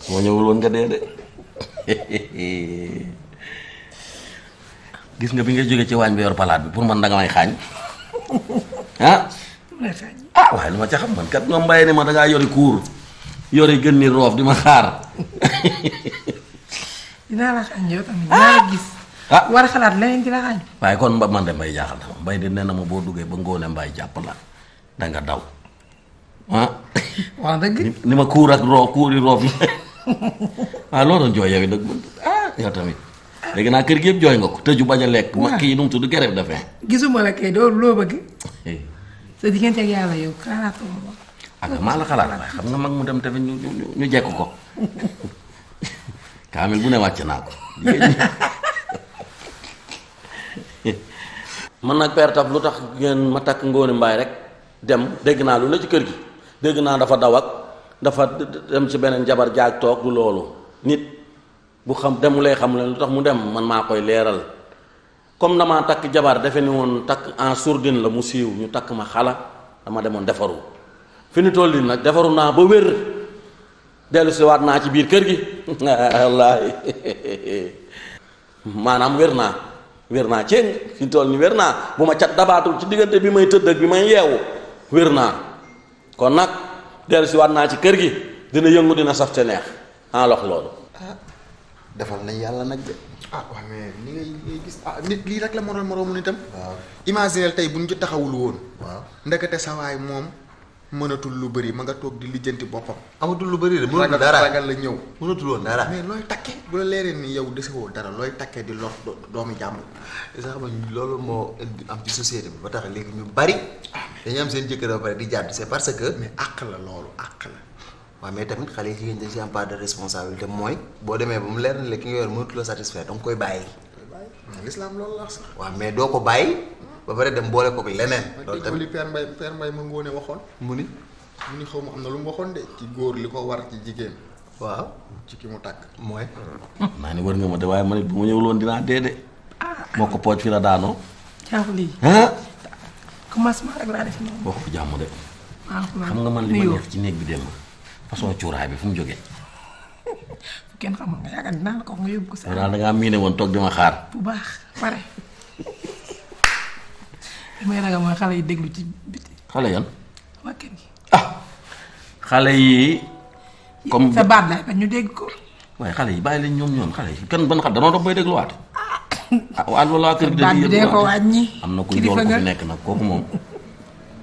su ma nga dee de gis nga bi nga jógee ci waañ bi yor palaat bi pour man danga may xaañ ah. waaye lu ma ca xam man kat ñoom mbay ne ma dangaa yori kuur yori gën ni roof di ma xaar. dinaa la xaañ yow tamit dinaa la gis. Ah. a xalaat leneen di la waaye kon man de mbay jaaxal na mbay de nee na ma boo duggee ba ngoone mbay jàpp la danga daw. ah. waaw dëgg ni ma kuur ak roo kuuri roof yi ah loo doon jooy yow nag ah yow tamit. léegi naa kër gi yëpp jooy nga ko tëju bañ a lekk. waaw kii nu mu tudd grève de faim. gisuma la kay doo loo bëgg. Eh. sa diggante ak yàlla yow xalaatuma ko. Ah, xalaat xam nga mag mu dem tamit ñu ñu ñu ko. bu ne wàcc naa ko. man nag père Tab lu tax ngeen ma takk Ngóone Mbaay rek dem dégg naa lu ne ci kër gi. dégg naa dafa daw dafa dem ci beneen jabar jaag toog du loolu nit bu xam demulee lay leen lu tax mu dem man maa koy leeral comme damaa takk jabar defe ni woon takk en sourdine la mu siiw ñu takk ma xala dama demoon defaru fi ñu toll nii nag defaru naa ba wér dellu waat naa ci biir kër gi wallaahi maanaam wér naa wér naa céng fi ñu toll nii wér naa bu ma cat dabaatul ci diggante bi may tëdd ak bi may yeewu wér naa kon nag dellu si waat naa ci kër gi dina yëngu dina saf te neex en lox loolu. Ah, defal nañ yàlla nag de. ah waaw mais ni ngay ngay gis ah, nit lii rek la moroom moroomu itam waaw imaginel tey bu ñu taxawul woon. waaw ndekete sa waay moom. mënatul lu bëri ma nga toog di lijjanti boppam. amatul lu bëri de mënatul dara ragal la ñëw. mënatul woon dara mais looy takke bu la leeree ni yow desewoo dara looy takkee di lor doomi jàmbur. sax ma loolu moo am ci société bi ba tax léegi ñu bari dañu am seen jëkkër ba pare di jàdd c'est parce que. mais àq la loolu àq la. waaw mais tamit xale yi jigéen dañ si am part de responsabilité mooy boo demee ba mu leer ne la ki nga yor mënatul la satisfaire danga koy bàyyi. l'islam loolu la sax. waaw mais doo ko bàyyi. ba pare dem boole ko leneen. loolu tamit li Père Mbaye ma ngoone waxoon. mu ni mu ni xaw ma am na lu mu waxoon de. ci góor li ko war jigéen. waaw ci ki mu tàkk. mooy. naa ne war nga de waaye ma ne bu ma ñëwul dinaa dee de. moo ko pooj fi la daanoo. jaaxul lii. commencement rek laa def noonu. waxu jàmm de. xam nga man li ma neex ci néeg bi dem façon cuuraay bi fu mu jógee. kenn xamul nga yaakaar dinaa la ko nga yóbbu ko sa. daal miine woon toog di ma xaar. bu baax pare li may ragal mooy xale yi déglu ci biti. xale yan. waa kër gi. ah xale yi. comme sa baat laay bañ ñu dégg ko. waaye xale yi bàyyi leen ñoom ñoom xale yi kan ban xam danoo dox bay dégluwaat. ah, ah waaw loolaa kër gi. baat bi dee ko wàññi am na kuy jool ko fi nekk nag kooku moom.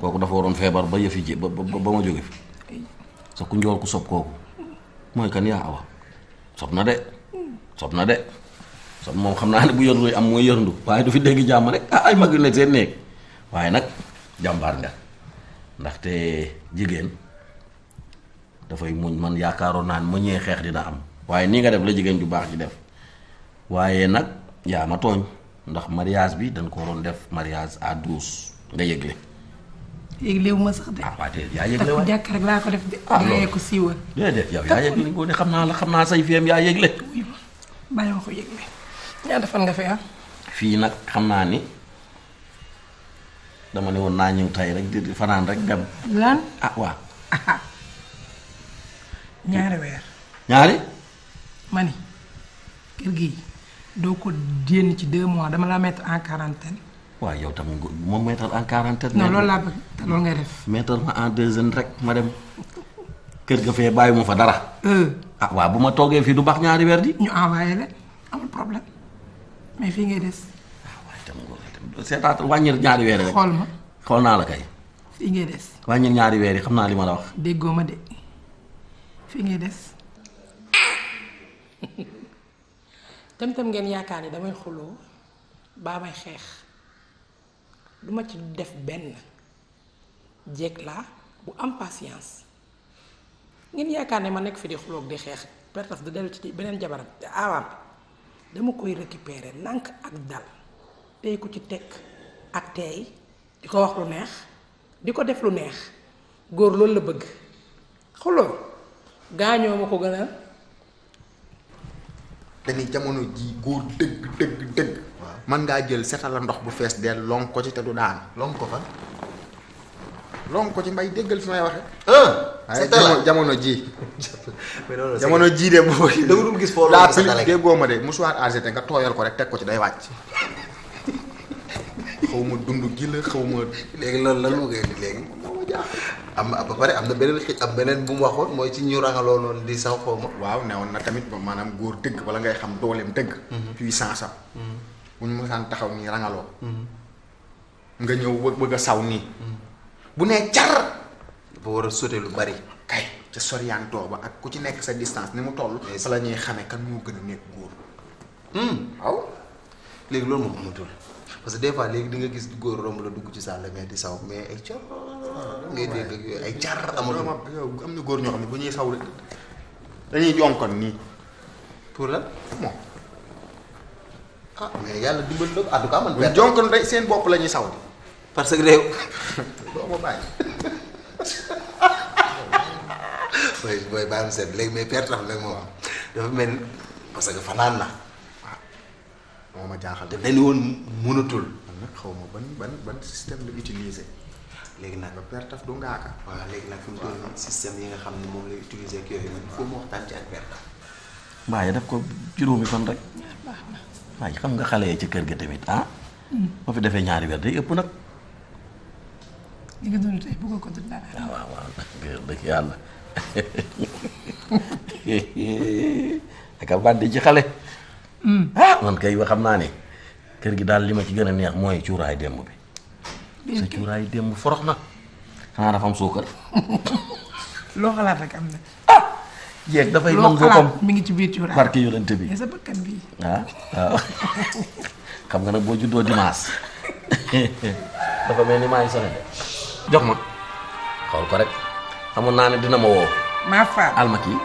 kooku dafa waroon feebar ba yëf yi ji ba ba ma jóge fi sa ku njool ku sob kooku mooy kan yaa awa sob na de sob na de moom xam naa ne bu yor luy am mooy yor waaye du fi dégg jàmm rek ah ay mag yu nekk seen néeg waaye nag jàmbaar nga ndaxte jigéen dafay muñ man yaakaaroon naa ne ma ñee xeex dina am waaye nii nga def la jigéen ju baax ji def waaye nag yaa ma tooñ ndax mariage bi dañ koo waroon def mariage à douze nga yëgle. yëgle wu ma sax de. ah waa tey yaa yëgle waay jàkk rek laa def de. ah loolu ko siiwal. déedéet yow yaa yëgle boo xam naa la xam naa say fiem yaa yëgle. bàyyi ma ko yëgle. ñaata fan nga fi am. Ah? fii nag xam naa ni dama ne woon naa ñëw tey rek di fanaan rek dem. lan ah waaw. ñaari weer. ñaari. ma ni kër gi doo ko génn ci deux mois dama la mettre en quarantaine. waaw yow tam moom mettre en quarantaine. non loolu laa bëgg te loolu ngay def. mettre ma en deuxième rek ma dem kër ga fee bàyyi ma fa dara. Euh. ah waaw bu ma toogee fii du baax ñaari weer di. ñu envoyé leen amul problème. mais fii ngay des. ah waaye tam wàññil ñaari weer rek. naa la ngay des. wàññil ñaari weer yi xam naa li ma la wax. déggoo ma de fii ngay des. tam tam ngeen yaakaar ni damay xuloo baa may xeex du ma ci def benn jéeg laa bu am patience ngeen yaakaar ne ma nekk fi di xuloo di xeex perte de dellu ci beneen jabaram te ah, aawaam. dama koy récupérer nànk ak dal tey ku ci teg ak tey di ko wax lu neex di ko def lu neex góor loolu la bëgg xolool gaañoo ma ko gën a dañuy jamono ji góor dëgg dëgg dëgg man ngaa jël setal la ndox bu fees dell lonko ci te du daan lonko fa ron ko ci mbay déggal fi may waxe ah, c'est talent jamono ji jamono ji de boobu da nga dul gis foo la plus déggoo ma de mouchoir argentin nga tooyal ko rek teg ko ci day wàcc xaw ma dund gi la xaw ma léegi loolu lan mu léegi am ba pare am na beneen xi am beneen bu mu waxoon mooy ci ñu rangaloo noonu di saw xaw waaw newoon na tamit ba maanaam góor dëgg wala ngay xam dooleem dëgg mhm. puissance am mhm. bu ñu mësaan taxaw nii rangaloo mhm. nga ñëw bëgg a saw nii bu nee car dafa war a sauter lu bari kay ca soriantoo ba ak ku ci nekk sa distance ni mu toll fa la ñuy xamee kan moo gën a nekk góor hmm, waaw léegi loolu moom amatul parce que des fois léegi di nga gis góor romb la dugg ci sàll mais di saw mais ay car ngay dégg ak yooyu ay car amatul am na góor ñoo xam ne bu ñuy saw rek dañuy jonkon nii pour la moom ah mais yàlla dimbal na en tout cas man. benn jonkon rek seen bopp la ñuy saw parce que réew. doo ma bàyyi. mooy mooy baal ma seet léegi mais perte am moo am dafa mel ni parce que fanaan na waaw moo ma jaaxal. te dañu woon mënatul. xaw ma ban ban ban système léegi nag ba pertaf du ngaaka. waaw léegi nag fi mu toll système yi nga xam ne moom lay utiliser ak yooyu man il faut mu waxtaan ci ak pertaf. waaye daf ko juróomi fan rek. waaye xam nga xale yi ci kër gi tamit ah. Hmm. boo fi defee ñaari weer day ëpp nag. li ah, yàlla ak xale. Hmm. ah xam naa ne kër gi daal li ci gën a neex mooy cuuraay démb bi. sa cuuraay na xanaa dafa loo xalaat rek am na. ah jeeg dafay mën boppam mi ngi ci biir cuuraay barke yonent bi sa ah, waaw xam nga nag boo juddoo dimanche dafa mel ni maa ngi de. jox ma xool ko rek xamoon naa ne dina ma woo. maa faal alma kii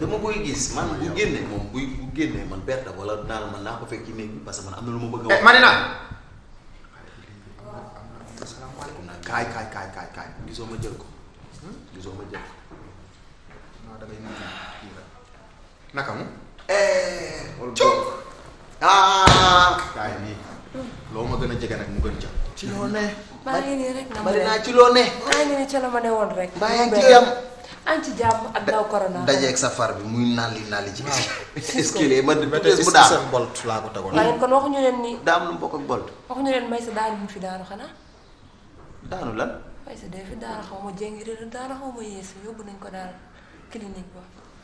dama koy gis man bu génnee moom buy bu génnee man berte wala naa la man naa ko fekk ci néeg bi parce que man na lu ma bëgg a wax. Eh, ma ne naa. asalaamaaleykum kaay kaay kaay kaay kaay gisoo ma jël ko gisoo ma jël dangay mujj kii la naka mu. Eh, coow ah. yaa nii loo ma gën a jege nag mu gën ca. ci loo ne. maa ngi nii rek bari naa ci loo ne. maa ngi nii ca la ma ne woon rek. maa ngi ci yam. ci jàmm ak daw corona. dajeeg safar bi muy nalli nalli ci. waaw escalier man bu dee bu daal bolt laa ko tegoon. waaye kon waxuñu leen ni. daa am lu mu bokk ak bolt. waxuñu leen may sa daanu fi daanu xanaa. daanu lan. may sa dee fi daanu xaw ma jéngi daanu xaw ma yóbbu nañ ko daal. clinique ba.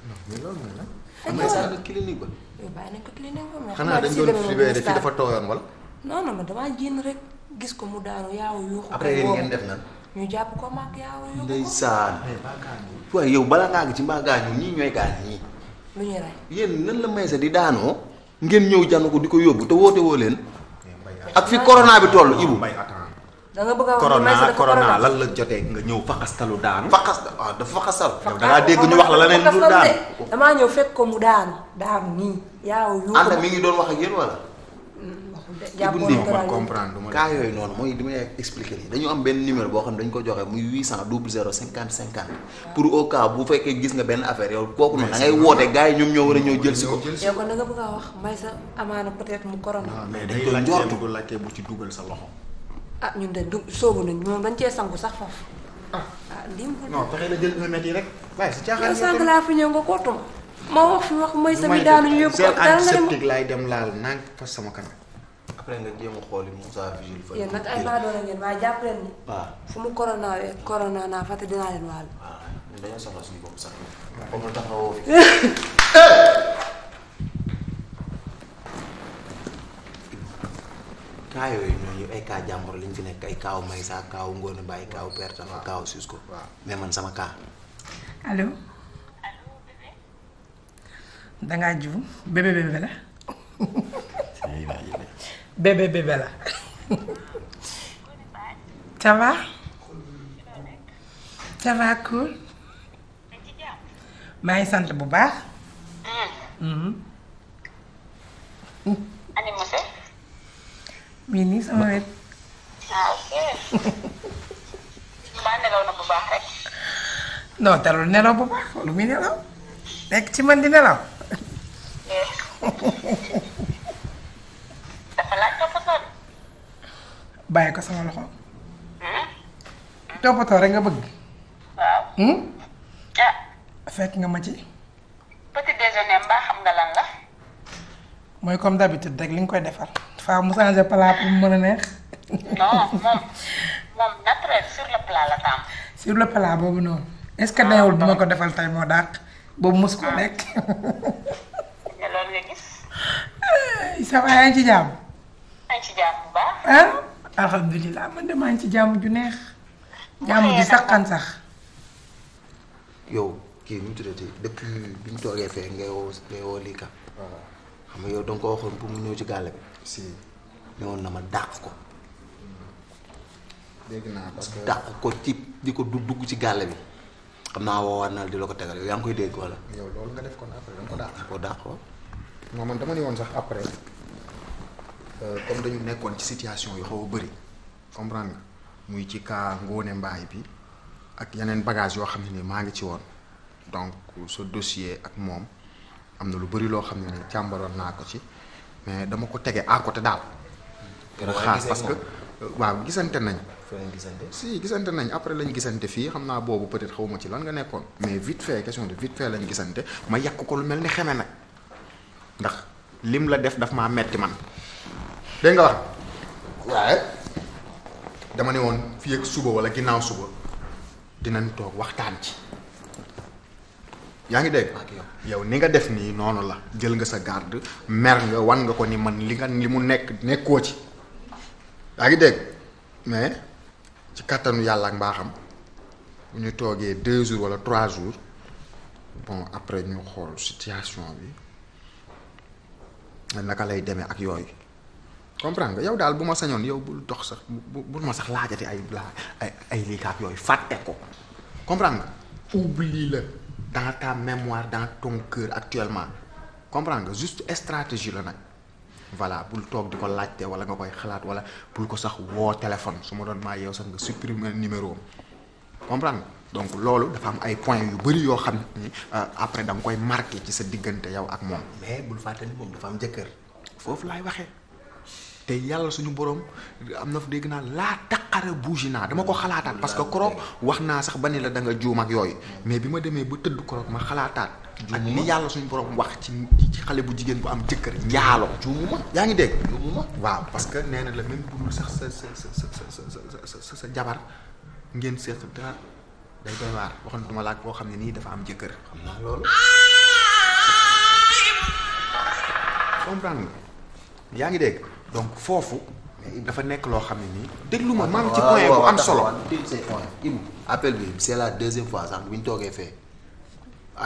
non mais loolu mooy lan. am na sax clinique ba. Eh, bàyyi nañ ko clinique ba mais. xanaa dañ doon libéré fii dafa tooyoon wala. non non man damaa génn rek gis ko mu daanu yaawu yuuxu. ko après ngeen def nan. ñu jàpp ko mag yaawu yuuxu. ndeysaan. waaye yow bala ngaa ci maa gaañu ñii ñooy gaañ ñii. lu ñuy rey. yéen nan la Maïssa di daanoo. ngeen ñëw jànn ko di ko yóbbu te woote woo leen. ak fi corona bi toll Ibou. da bëgg a corona corona lan la jotee nga ñëw faxastalu daanu. faxas waaw ah, dafa faxastal. da ngaa dégg ñu wax la leneen lu fekk ko mu daanu daanu nii. yaaw yu ànd mi ngi doon wax ak yéen wala. jàppoon na ma comprendre yooyu noonu mooy li may expliqué nii dañu am benn numéro boo xam ne dañu ko joxe muy 800 00 50 50 pour au bu fekkee gis nga benn affaire yow kooku noonu da ngay woote gars yi ñoom ñoo war a ñëw jël si ko. yow kon a wax may sa amaana peut mu corona. mais dañ ko njortu bu ci dugal sa loxo ah ñun de du sóobu nañ moom dañ cee sangu sax foofu. ah dimbali. Ah, non taxee na jël mètre yi rek. waaye si caaxaan sànq laa fi ñëw nga kootuma. ma wax fi wax may sami daanu ñu yóbbu ko daal nga dem laay dem laal naa fas sama a xooli Moussa Vigile fa. yéen nag ay baadoolo ngeen waaye jàpp leen ni. fu mu corona wee corona naa fa te dinaa leen waal. waaw cas yooyu ñooñu ay cas jàmbur lañ fi nekk ay kaaw Maysa kaaw Ngoone Baay kaaw Perta kaaw Susko mais man sama cas. allo. dangaa ngi sant bu baax. Mm. Mm-hmm. mii nii sama wet. Ah, mbaa nelaw na bu baax rek. non talul nelaw bu baax lu muy nelaw nekk ci man di nelaw. Eh. dafa laaj toppatoo de. bàyyi ko sama loxo. Hmm? toppatoo rek nga bëgg. Hmm? Ah. fekk nga ma ci. petit déjeuner mbaa xam nga lan la. mooy comme d'habitude rek li nga koy defar. faaw mu changé plat pour mu mën a neex. sur le plat la tàmm. boobu noonu. est-ce que ah, neewul ma ko defal tey moo dàq. boobu mos ko nekk. Ah. ne loolu nga ci jàmm. yaa ngi ah, man de ci jàmm ju neex. jàmm ju saqan sax. yow kii nu mu tuddati depuis bi toogee fee ngay woo ngay woo lii ka xam nga yow da ko waxoon pour mu ñëw ci gàll bi. si ñëwoon na ma dàq ko. dégg naa parce que dàq ko ci di ko dugg ci gàll bi. xam naa woo war naa di la ko tegal yaa ngi koy dégg wala. yow loolu nga def kon après da ko dàq. da nga ko dàq man dama ni woon sax après euh, comme dañu nekkoon ci situation yu xaw a bëri comprendre nga muy ci cas Ngone Mbaay bi ak yeneen bagage yoo xam ne ni maa ngi ci woon donc ce dossier ak moom am na lu bëri loo xam ne ni càmbaroon naa ko ci. mais dama ko tege à côté daal. mu xaas parce que euh, waaw gisante nañ. si gisante nañ après lañ gisante fii xam naa boobu peut-être xawma ci lan nga nekkoon. mais vite fait question de vite fait lañ gisante ma yàq ko lu mel ni xeme nag ndax lim la def dafa maa metti man dégg nga wax dama ne woon fi ak suba wala ginnaaw suba dinañ toog waxtaan ci. yaa ngi dégg yow ni nga def nii noonu la jël nga sa garde mer nga wan nga ko ni man li nga li mu nekk nekkoo ci yaa ngi dégg mais ci kattanu yàlla ak mbaaxam bu ñu toogee deux jours wala trois jours bon après ñu xool situation bi naka lay demee ak yooyu comprendre nga yow daal bu ma sañoon yow bul dox sax bu bul ma sax laajate ay ay ay lii kaak yooyu fàtte ko comprendre nga oublie la dans ta mémoire dans ton cœur actuellement comprendre nga juste stratégie la nag voilà bul toog di ko laajte wala nga koy xalaat wala bul ko sax woo téléphone su ma doon maa yow sax nga supprimer numéro am comprendre nga donc loolu dafa am ay points yu bëri yoo xam ni euh, après da koy marqué ci sa diggante yow ak moom mais bul fàtte ni moom dafa am jëkkër foofu laay waxee te yàlla suñu borom am na fu dégg naa laa taqara bougie naa dama ko xalaataat parce que Korok wax naa sax ba ne la da nga juum ak yooyu mais bi ma demee ba tëdd Korok ma xalaataat ak li yàlla suñu borom wax ci ci xale bu jigéen bu am jëkkër njaalo juumuma yaa ngi dégg waaw parce que nee na la même budul sax sa sa sa sa sa sa sa jabar ngeen seet dara day doy waar waxoon duma laaj boo xam ne nii dafa am jëkkër xam naa loolu yaa ngi dégg donc foofu dafa nekk loo xam ne nii. déglu ma maam ci point bu am solo Ibou appel bi c'est la deuxième fois sax bi ñu toogee fee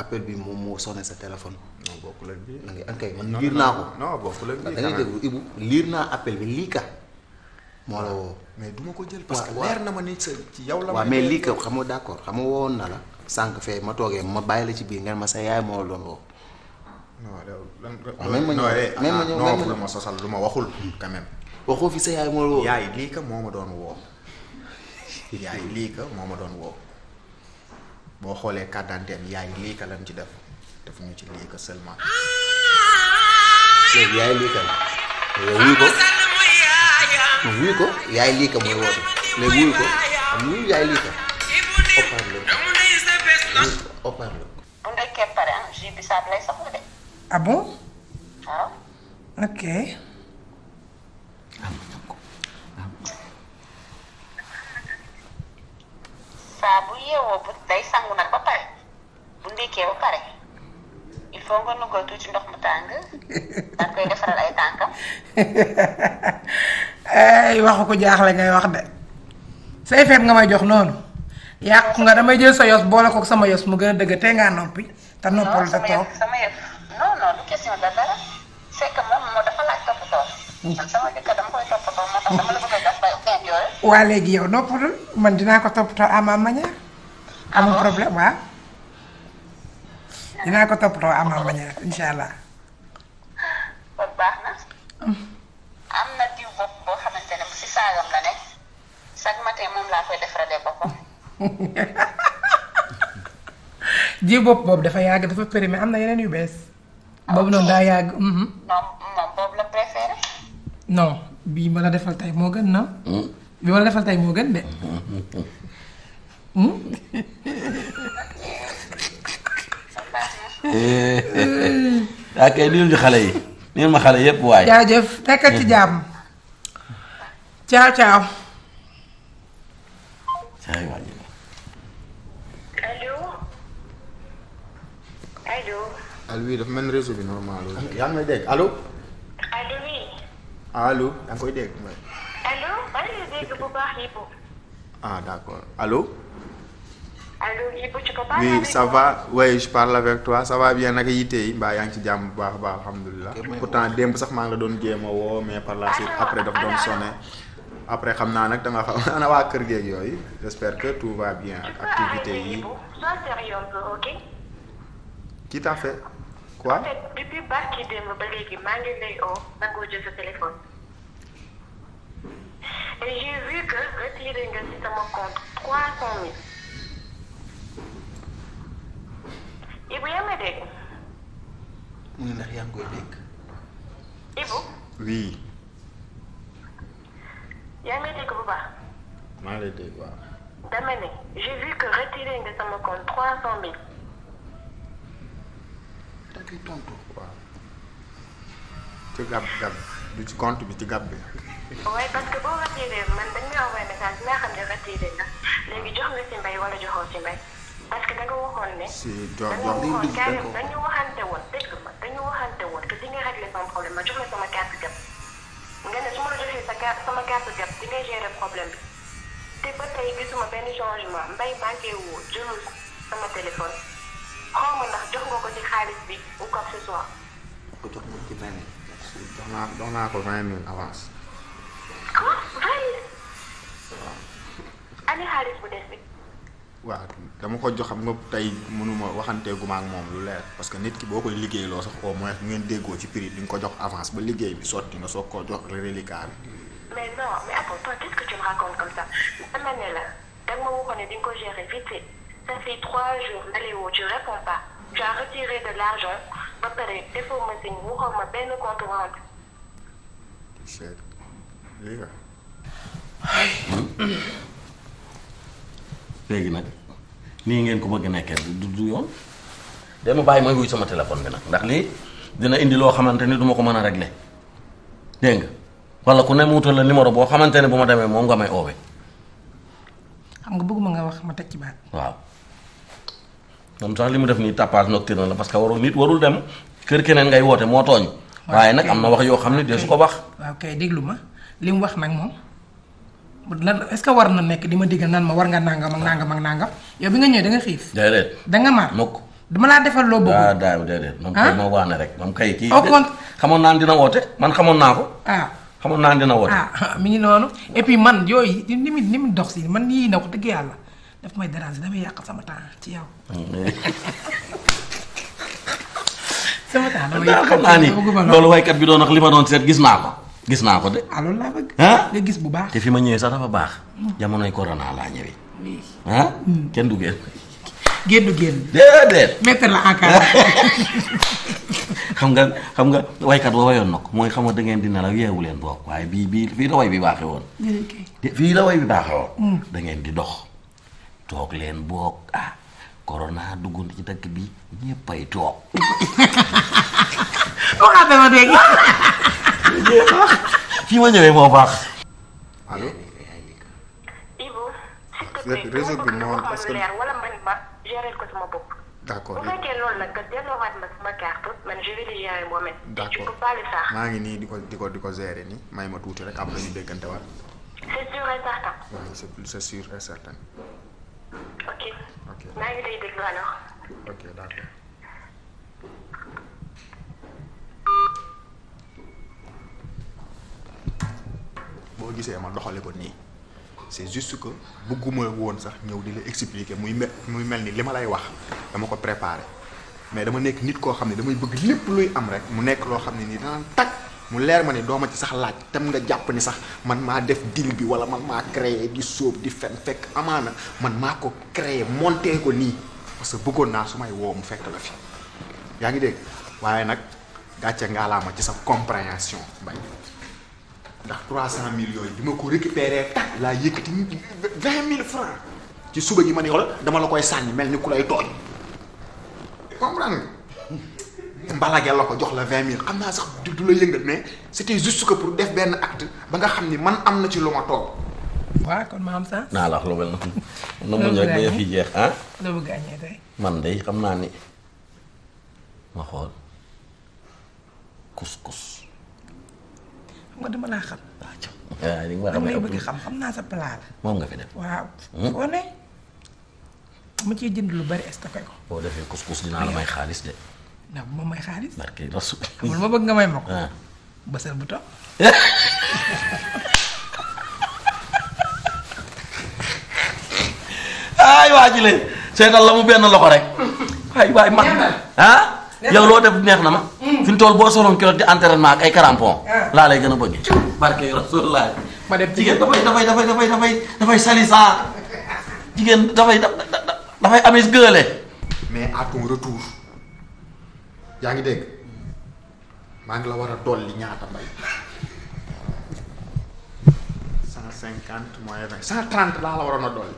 appel bi moom moo sonné sa téléphone. non bokkul ak bii da man liir naa ko. non bokkul ak liir naa appel bi lii ka moo la ah, woo. mais duma ko jël parce que leer na ma ni sa ci yow la. waaw mais lii ka xam nga d'accord xam nga wowoon na la. sànq fee ma toogee ma bàyyi la ci biir ngeen ma sa yaay moo la doon non même ma ñëw même ma ñëw non non ma sosal lu ma waxul quand même. waxoo fi sa yaay moo la yaay lii ka moo ma doon woo yaay moo ma doon woo boo xoolee carte d'identité yaay lii ka lañ ci def def ñu ci lii ka seulement. léegi yaay lii la yow ko wuyu ko yaay lii ka mooy woote léegi wuyu ko yaay lii ka Ah, ah ok. saa bu yeewoo bu day sangu nag ba pare bu ndékkee ba pare il faut nga nu tuuti ndox mu tàng ay waxu ko jaaxle ngay wax de say feet nga may jox noonu yàqu nga damay jël sa yos boole kook sama yos mu gën a dëgg te ngaa noppi te noppal sa toog question mm. man waa léegi yow noppalul man dinaa ko toppatoo à ma manière. amul ah problème waaw. dinaa ko toppatoo à ma manière incha allah. baax na. Mm. am na diw bopp boobu dafa yàgg dafa périmé am na yeneen yu bees. boobu noonu daa yàgg. moom moom boobu la bii ma la defal tey moo gën na. Hmm? bii ma la defal tey moo gën de. Hmm? Hmm? ok lii ñu xale yi nii ma xale yépp waaye. jaajëf nekkal ci jàmm. ciao ciao. allo oui dafa mel ni réseau bi normal la. yaa ngi may dégg allo. allo oui. allo yaa ngi koy dégg. allo maa ngi dégg bu baax Ibou. ah d'accord allo. allo Ibou ci ko baax oui ça va oui je parle avec toi ça va bien naka yitte yi mbaa yaa ngi ci jàmm bu baax a baax alhamdulilah. pourtant démb sax maa ngi la doon jéem a woo mais par la suite ah, après daf doon sonné. après xam naa nag da nga xam ana waa kër geeg yooyu j'espère que tout va bien ak activité yi. tout à fait. waaw en fait depuis barki démb ba léegi maa ngi lay oo nangoo téléphone. et j'ai vu que retiré nga ci compte trois cent mille. Ibou yaa ma dégg. mu ne ndax yaa ngi koy dégg. Ibou. oui. yaa ngi dégg bu baax. maa ngi lay dégg waaw. dama ne que retiré compte trois cent mille. ki tontu. waaw ci gàb gàb du ci compte bi ci gàb bi. waaye parce que boo retiré man dañ may envoyé message bi nga xam ne retiré na léegi jox nga si mbay wala joxoo si mbay parce que da waxoon ne. si jox jox dañu waxante woon dégg ma dañu waxante woon que di nga réglé sama problème ma jox la sama carte jàpp nga ne su ma la joxee sa carte sama carte jàpp di nga gérer problème bi te ba tey gisuma benn changement mbay manqué wu sama téléphone. xaw ma jox nga ko ci xaalis bi ou quoi que ce jox ko jox naa jox naa ko vingt mille avance. quoi vingt mille. waaw. ani xaalis bu des bi. waaw dama ko jox xam nga tey mënuma waxanteegu ma ak moom lu leer parce que nit ki boo koy liggéeyloo sax au moins ngeen déggoo ci prix di nga ko jox avance ba liggéey bi sotti nga soog koo jox reliquat bi. mais non mais attends toi qu'est-ce que tu me racontes comme ne la da ma waxoon ne di nga ko gérer vite ça léegi nag nii ngeen ko bëgg nekkee du du yoon. dama bàyyi may wuy sama téléphone bi nag ndax lii dina indi loo xamante ni duma ko mën a régler dégg nga wala ku ne mu wutal la numéro boo xamante ne bu ma demee moom nga may oowee. xam nga bëgguma nga wax ma teg ci baat. waaw. moom sax li mu def nii tapage nocturne la parce que warul nit warul dem kër keneen ngay woote moo tooñ. waaye nag am na wax yoo xam ne dee su ko wax. waaw kay déglu ma li mu wax nag moom lan est-ce que war na nekk di ma digal nan ma war nga nangam ak nangam ak nangam yow bi nga ñëwee da nga xiif. déedéet da nga loo bëgg. ah daaw déedéet moom kay ah? moo waane rek moom kay. kii xamoon naa dina woote man xamoon naa ko. Ah. xamoon naa dina woote. ah mi ngi noonu et man yooyu ni mu ni mu dox si man yii na ko dëgg yàlla daf may déranger damay yàq sama temps ci yow. sama temps damay yàq xam naa ni loolu waykat bi doon wax li ma doon seet gis naa ko. gis naa ko de. ah loolu laa bëgg. gis bu baax. te fi ma ñëwee sax dafa baax. jamonoy corona laa ñëwee. ah kenn du génn. génn génn. déedéet. mettre la en cas. xam nga xam nga waykat wa wayoon na ko mooy xam nga da di nelaw yeewu leen bokk waaye bii bii fii la way bi baaxee woon. fii la way bi baaxee woon. Hmm. da ngeen di dox. toog leen boog ah corona dugg ci dëkk bi ñëppay toog. waxaat na ma dégg. fii ma ñëwee moo baax. allo. réseau bi moo parce maa ngi nii di ko di ko di ko gérer nii may ma tuuti rek am na ñu déggante waat. c'est sûr et certain. ok. ok maa boo gisee ma doxale ko nii c'est juste que bëgguma woon sax ñëw di la expliquer muy mel muy mel ni li ma lay wax dama ko préparer mais dama nekk nit koo xam ne damay bëgg lépp luy am rek mu nekk loo xam ne nii danaan tag mu leer ma ne doo ma ci sax laaj tam nga jàpp ni sax man maa def deal bi wala man maa créé di sóob di fen fekk amaana man maa ko créé monté ko nii parce que bëggoon naa su may woo mu fekk la fi yaa ngi dégg waaye nag gàcce ngaalaama ci sa compréhension mbay ndax trois cent mille yooyu di ma ko récupéré tak laa yëkkati vingt mille francs ci suba gi ma ne wala dama la koy sànni mel ni ku lay tool comprendre mbalageel la ko jox la vingt mille xam naa sax du la yëngal mais c'était juste que pour def benn acte ba nga xam ni man am na ci lu ma toog. waaw kon ma am sax. naa la wax lu mel noonu. loolu rek ba fi jeex ah. loolu gaañee tey. man de xam naa ni ma xool couscous. xam nga dama laa xam. waaw ah, ah, li nga ma xam bëgg xam xam naa sa plat la. moom nga fi def waaw. boo hmm? ne ma ciy jënd lu bari estafet ko. boo defee couscous dinaa la may xaalis de. ndax bu ma may xaalis. barke rasul xamul ah. ay waa ji lay seetal la mu benn loxo rek. waay waay man ah. yow loo def neex na ma. Mm. fi mu toll boo soloon kilo di entraînement ak ay crampon. Ah. laa lay gën a bëggee. barke rasulullah. ma dem jigéen dafay dafay dafay dafay dafay dafay salissant jigéen dafay dafay amis gële. yaa ngi dégg maa ngi la war a dolli ñaata mbay cent cinquante mois vingt cent trente laa la waroon a dolli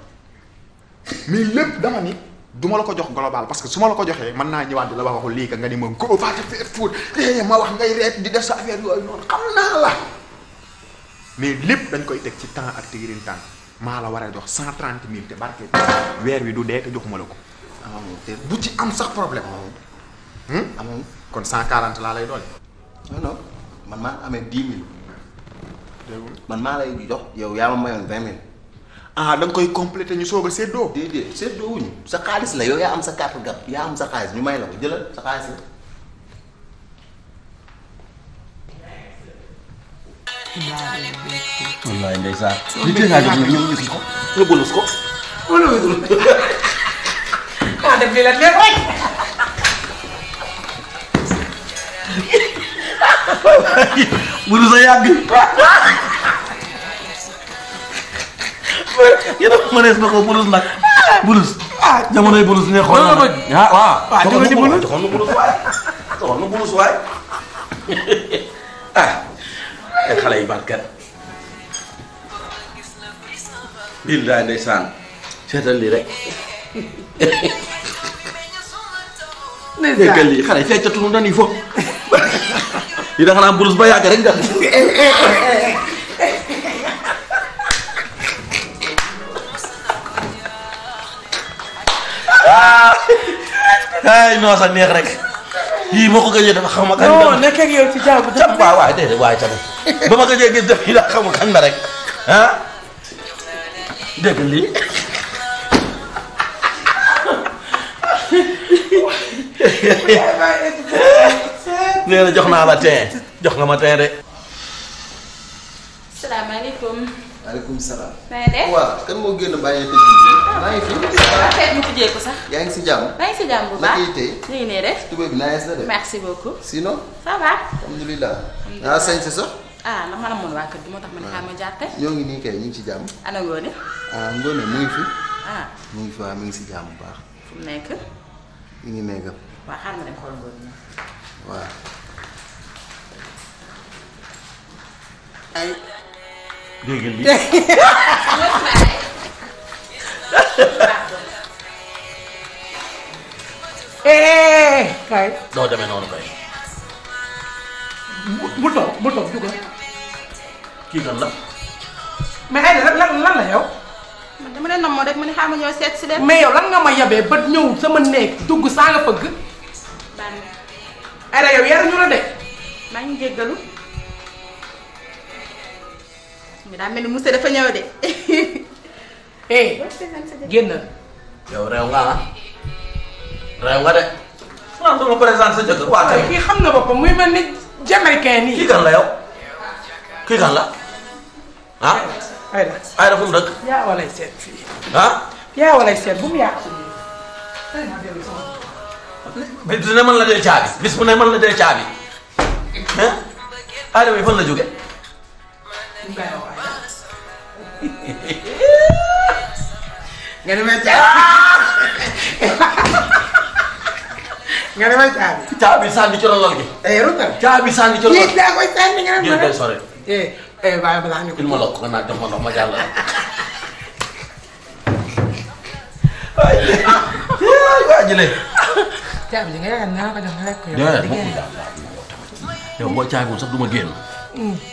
mais lépp dama ni du ma la ko jox global parce que su ma la ko joxee mën naa ñëwaat di la waxu lii ka nga ni moom ko faata feer eh, ma wax ngay reet di def sa affaire yooyu noonu xam naa la mais lépp dañ koy teg ci temps ak tigirin temps maa la war a jox cent trente mille te barke weer wi du dee te joxuma la ko bu ci am sax problème hum amoon kon cent quarante laa lay doole. non man maa amee dix mille. man maa lay jox yow yaa ma mayoon vingt ah da koy complété ñu soog a séddoo. déedéet séddoo wuñu sa xaalis la yow yaa am sa carte gab yaa am sa xaalis ñu may la ko jëlal sa xaalis la. wallaay ndeysaan. li tee naa jox nag ko. nga ko. wala def li la neex bu dul sa yàgg yéen a mënees na ko bulus nag bulus. ah bulus ne xool bulus ah, ah, joxoon ah. xale yu barkat. billaay ndeysaan seetal lii rek. ndeysaan dégg nga xale yi feccatu nu fo. yi da nga naan burus ba yàgg rek nga ay non rek yii moo ko gëjee dafa xaw ma. kan la non nekk ma gëjee gis def yi ma kan la rek ah lii. nee na jox naa la teen jox nga ma teen de. salaamaaleykum. maaleykum salaam. na nga def waaw kan moo génn bàyyi tëj bi. ngi fi. affaire ngi si jàmm. ngi si jàmm bu baax naka naa na def. sax. ah la ma la mën waa kër gi moo tax ma ne ah. xaar ma ñoo ngi nii kay ñu ngi si jàmm. ana Ngone. ah Ngone mu ngi fi. ah mu ngi fi mi ngi si jàmm baax. fu mu nekk. mi ngi nekk. waaw xaar ma dem xool Ngone. waaw. ay. dégg eh, kay. doo demee noonu kay. mu mu toog mu toog jógal. kii lan la. mais ay lan lan lan la yow. man dama leen namoon de ma ne ma ñëw seet si leen. mais yow lan nga ma yabee ba ñëw sama néeg dugg saa nga fëgg. bànn. ay yow yaruñu la de. maa ngi jéggalu. mi daa mel ni Moussa dafa ñëw de. eh génn. yow réew nga ah réew nga de. waaw dama présenté sa jëkkër waa tey kii xam na boppam muy mel ni nii. kii kan la yow kii kan la ah. ayda ayda fu mu dëkk. yaa walay seet fii. ah. yaa walay seet bu mu yàqu. bis ne mën la jël caabi bis bu ne mën la jël caabi ah ayda bi fan la jóge. nga ni may caabi nga ni may caabi. caabi sànni ci rolal gi. ruutal caabi sànni ci rolal gi. daa koy sànni nga ne ma koy sore. eh eh bàyyi ma ne ko. ma lokk nga naan jox ma ndox ma jàll waaye jëlee. caabi li nga yaakaar naa ko jox nga rek ko yow. yow boo caabi sax du ma génn.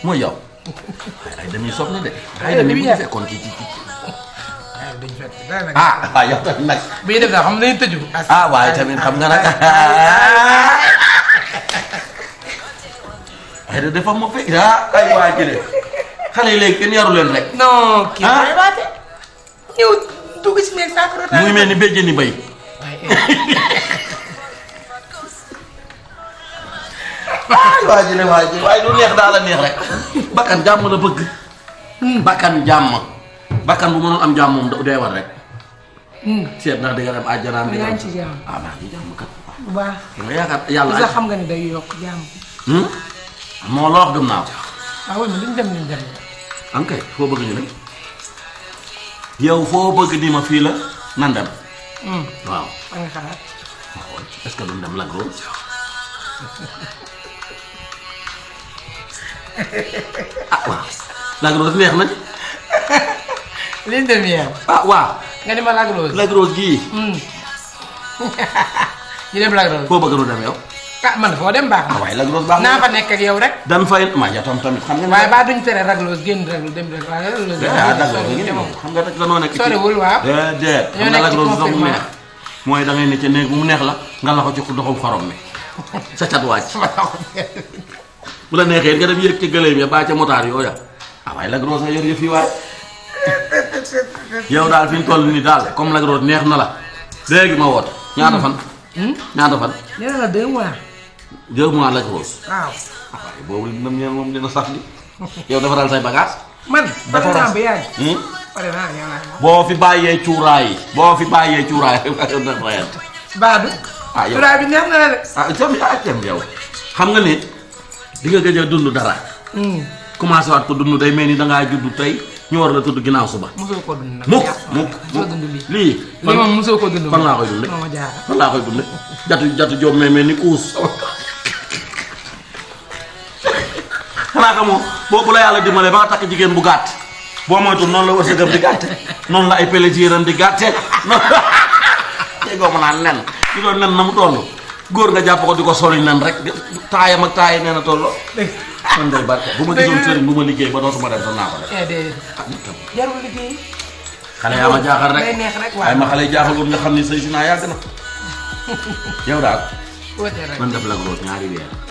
mooy yow. ay dañuy sopp na de. ay dañuy bu ñu fekkoon ci ci ci. duñ fekk ah waaw yow tamit nag. biy def daal xam nga day tëju. ah waaye tamit xam nga nag. ay da dafa ma fekk ah ay waa jële xale yi léegi kenn yaru leen rek. non kii ah. mooy waate. ñëw dugg si nekk saa kër. mu ngi mel ni béjjën ni bay. Eh. Ah, waa jële waa jële waaye lu neex daal la neex rek. bakkan jàmm la bëgg. Hmm, bakkan jàmm. bakkan bu mënoon am jàmm moom day rek. Hmm. seet ndax di nga dem àjjanaam. di nga am ah, jàmm kat. bu baax nga yaakaar yàlla. sax xam nga ne day yokk jàmm. Hmm? na. Ah, ah, ni fii la nan lune de miel. ah waaw. nga ni ma Lac Rose. Lac Rose gii. Hmm. ñu dem Lac Rose. foo bëgg a dem yow. ah man foo dem baax na. Ah, waaye Lac Rose baax naa fa nekk ak yow rek. dan fay ma ja tam tamit xam nga. waaye ba duñ tere Lac Rose génn Lac Rose dem Lac Rose. Eh, xam nga rek danoo nekk ci. soriwul waaw. déedéet xam nga Lac Rose mu neex. mooy da ngay ca néeg bu mu neex la nga la ko ci doxum xorom mi sa cat wàcc. bu la neexee nga dem yéeg ci gëléem ya baa ca motaar yooya. ah waaye Lac yëf yi waaye yow daal fi ñu toll daal comme la neex na la léegi ma woote. ñaata fan. Hmm? ñaata fan. nee na la deux mois. Ah, dafa daal say bagage. man dafa daal hmm? boo fi bàyyee cuuraay yi. boo fi bàyyee cuuraay yi waaye ah, ah yow xam nga ne di nga dund dara. Hmm. commencé waat ko dund day mel ni da ngaa judd tey. ñu war la tudd ginnaaw suba. mosoo ko dund nag mukk mukk mukk lii. fan laa koy dundee fan jatu jatu joom mais mais ni uus. xanaa xamoo boobu la yàlla dimbalee ba nga takk jigéen bu gàtt boo moytuwul noonu la wërsëgam di gàtte noonu la ay pélégiram di gàtte noonu déggoo ma naan nen ñu doon nen na mu toll góor nga jàpp ko di ko soli nen rek taayam ak taay nee na man day bu ma gisoon sëriñ bu ma liggéey ba dootuma dem sax naa ko def. Eh, ah, jarul liggéey. xale a ma jaaxal rek day neex rek waaye ma xale jaaxal woon nga xam ni sëy si naa yàgg na yow daal. man def la gros weer.